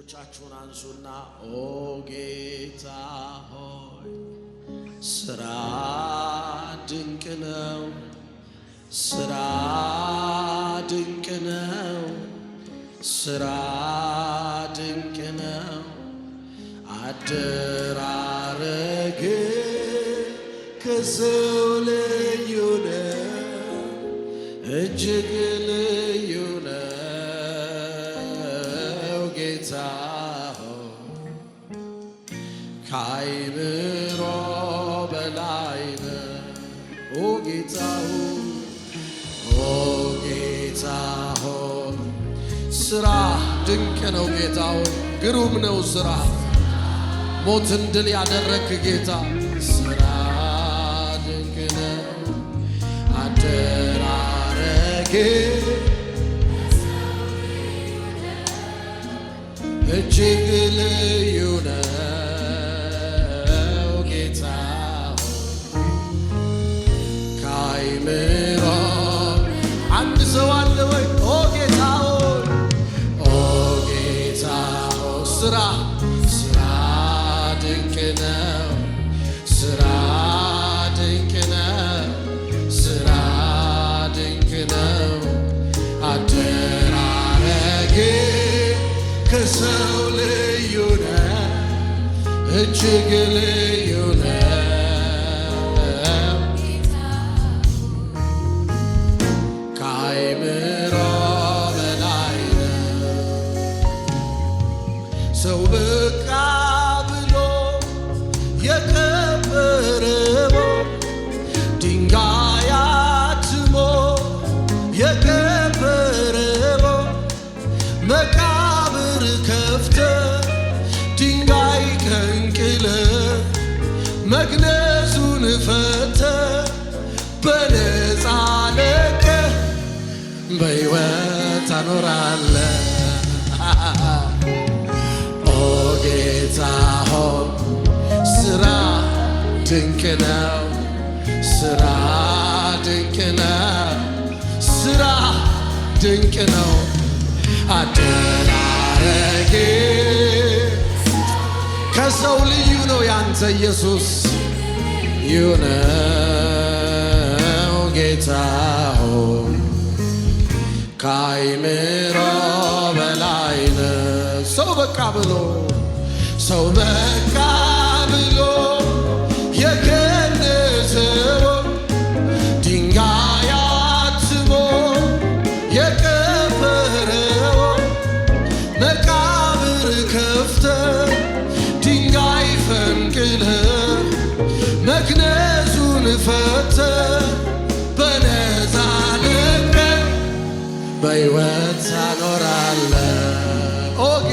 እጆቻችሁን አንሱና ኦ ጌታ ሆይ ስራ ድንቅ ነው፣ ስራ ድንቅ ነው፣ ስራ ድንቅ ነው። አደራረግ ከሰው ልዩ ነው እጅግ ስራ ድንቅ ነው ጌታ ሆይ፣ ግሩም ነው ስራ ሞትን ድል ያደረግክ ጌታ ስራ ድንቅ ነው አደራረጌ እጅግ ልዩ ነው ጌታ ካይምን Ece gele ታኖራለ ኦ ጌታ ሆይ ስራ ድንቅ ነው፣ ስራ ድንቅ ነው፣ ስራ ድንቅ ነው። አደራረጌ ከሰው ልዩ ነው ያንተ ኢየሱስ ይሁነው ጌታ ካይምሮ በላይ ነው ሰው በቃ ብሎ ሰው በቃ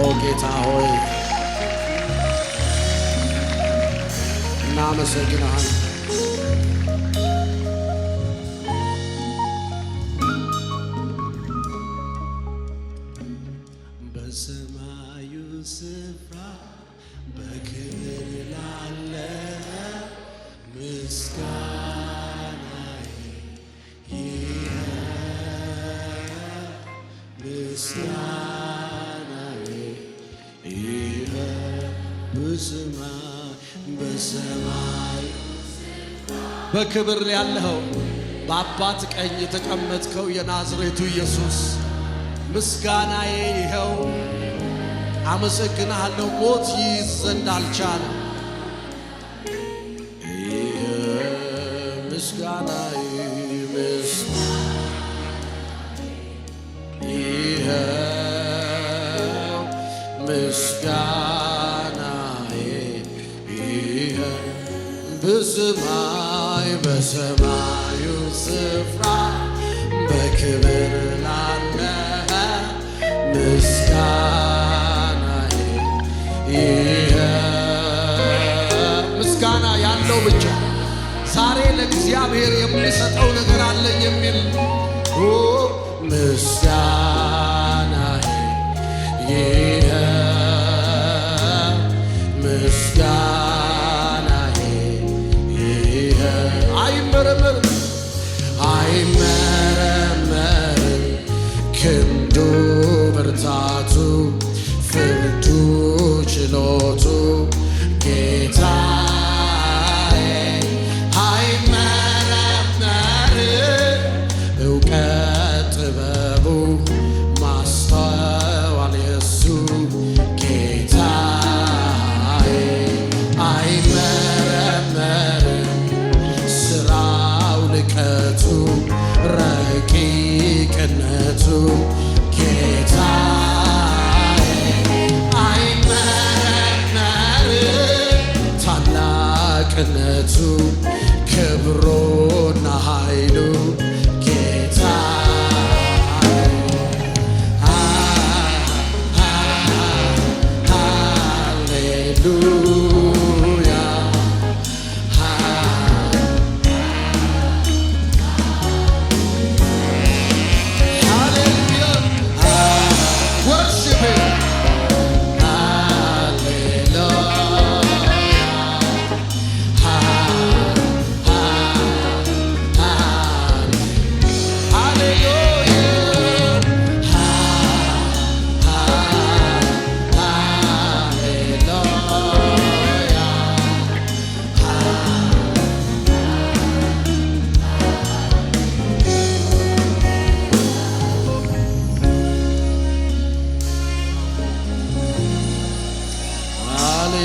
ኦ ጌታ ሆይ እናመሰግናለን። በክብር ያለኸው በአባት ቀኝ የተቀመጥከው የናዝሬቱ ኢየሱስ ምስጋናዬ ይኸው፣ አመሰግናለሁ። ሞት ይይዝ ዘንድ አልቻለ። ምስጋና ይኸው ብስማ በሰማዩ ስፍራ በክብር ላለህ ምስጋና ይህ ምስጋና ያለው ብቻ ዛሬ ለእግዚአብሔር የምሰጠው ነገር አለኝ የሚል ምስጋና ይህ ምስጋና አይመረመር አይመረመርም ክንዱ ብርታቱ፣ ፍርዱ ችሎቱ ጌታ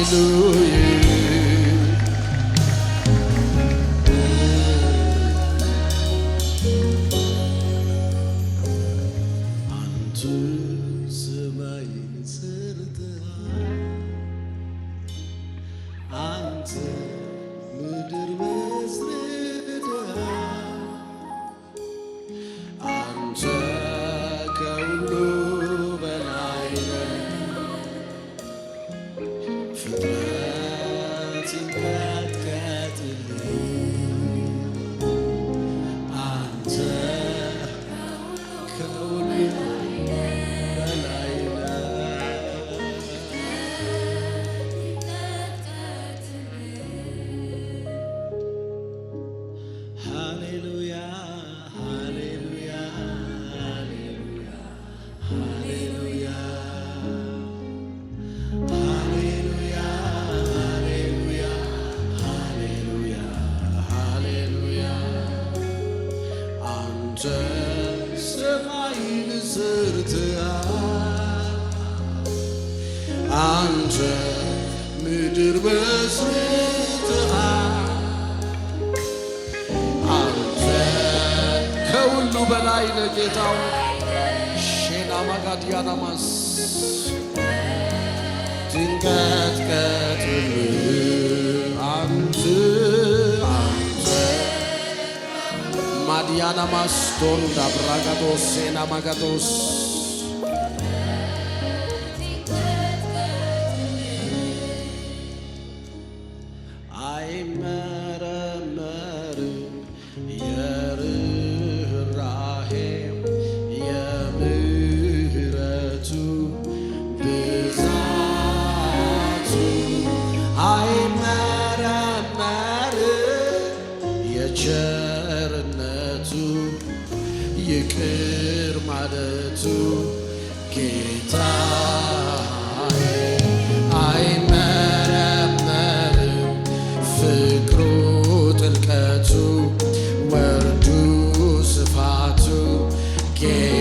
Hallelujah. diana maston da bragato yeah.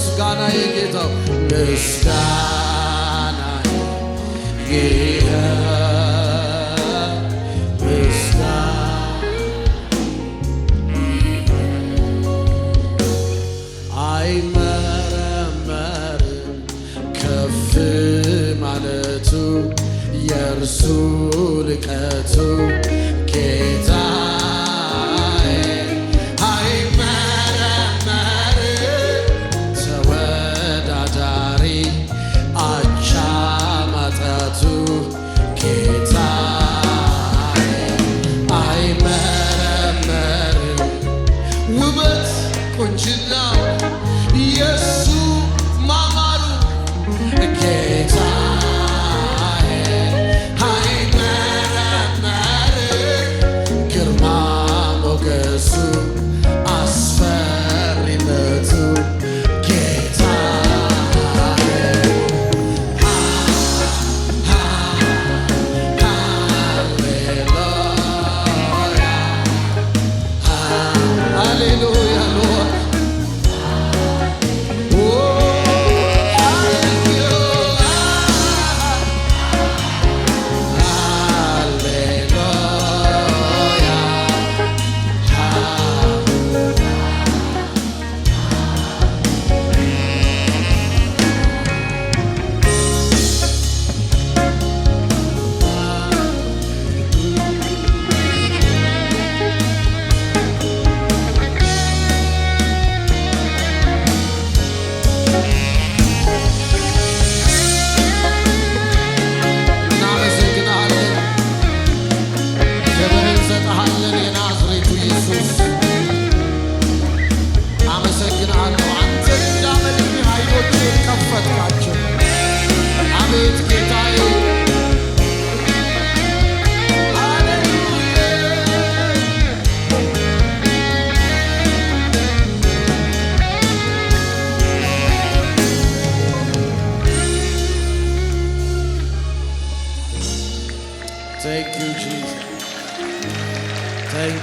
ምስጋና የጌታው ምስጋና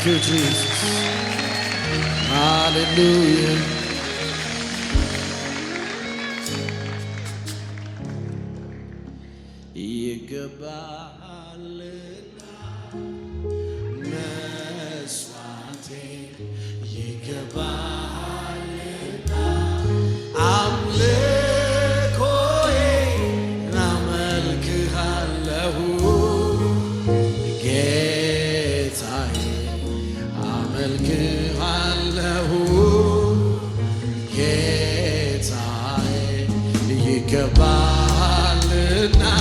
you, Jesus. Hallelujah. ይገባልና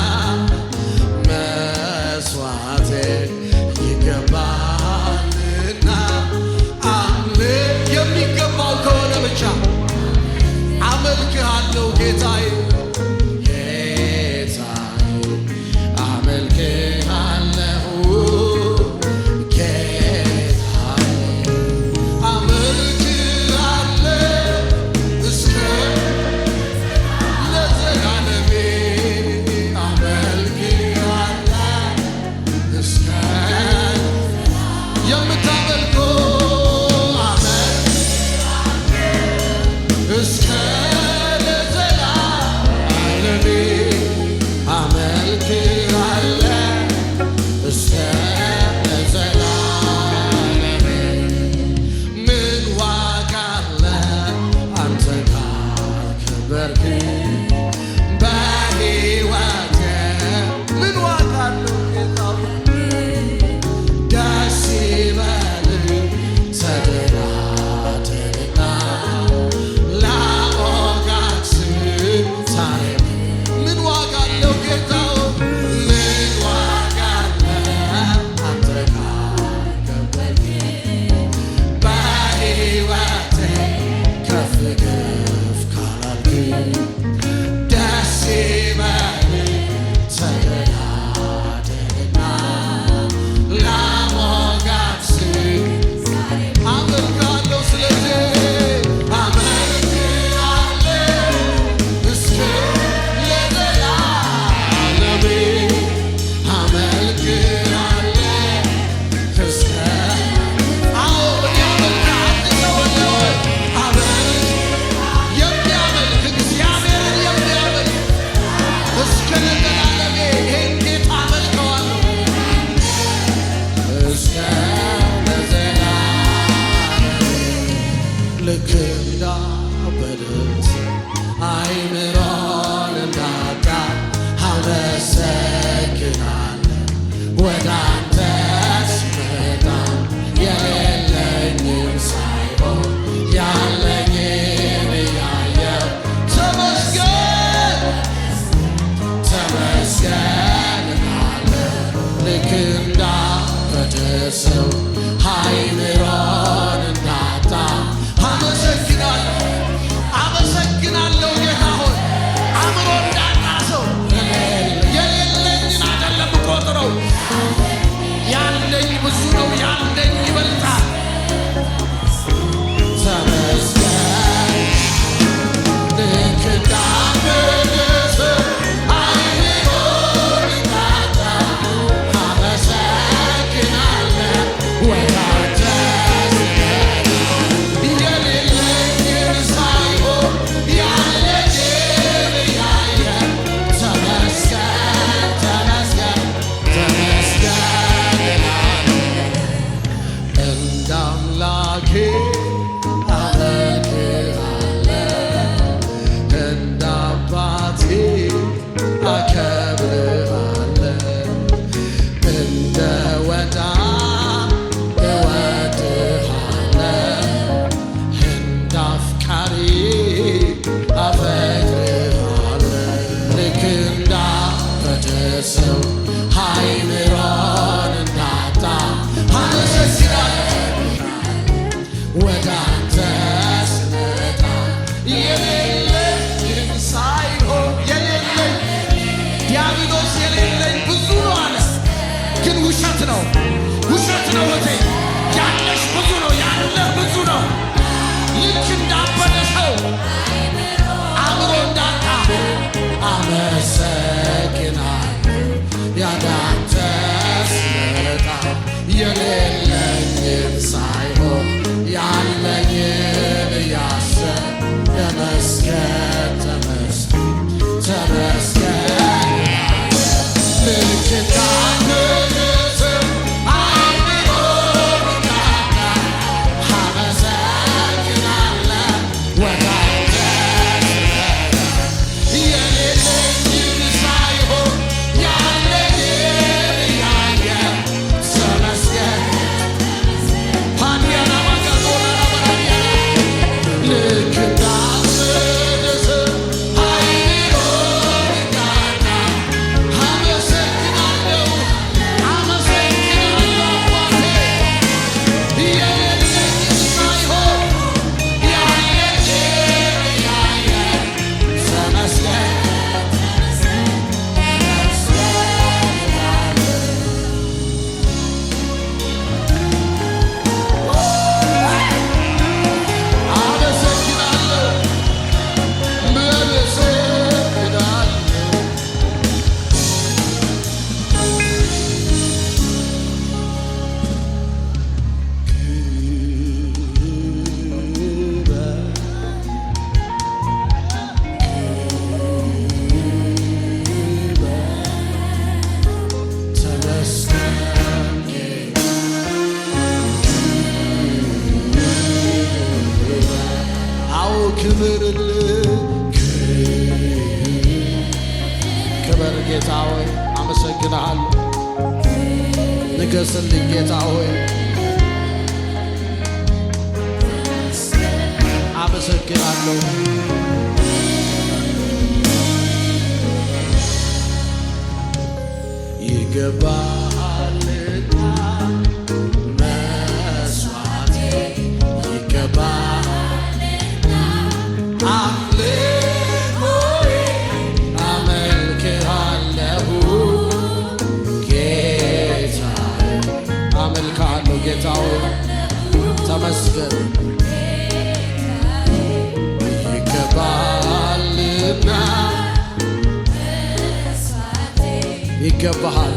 ይገባሃል።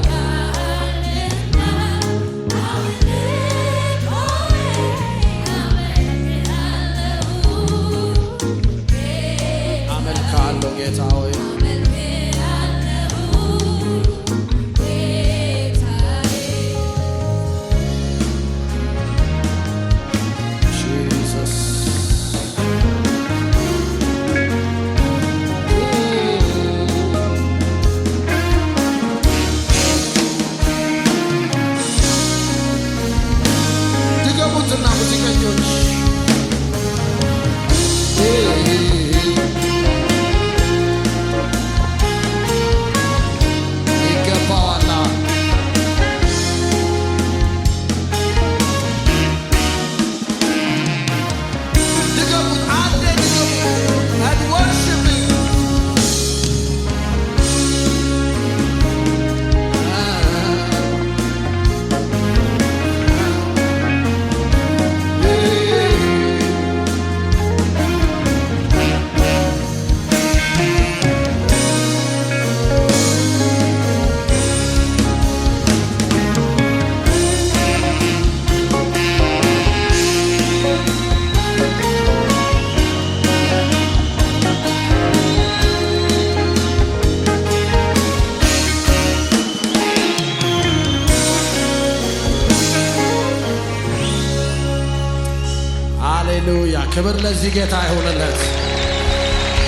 ክብር ለዚህ ጌታ ይሁንለት፣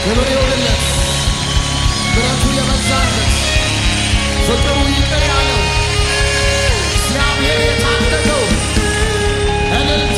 ክብር ይሁንለት። ምሕረቱ የበዛለት ፍቅሩ ይቅር ያለው እግዚአብሔር የታደገው እልል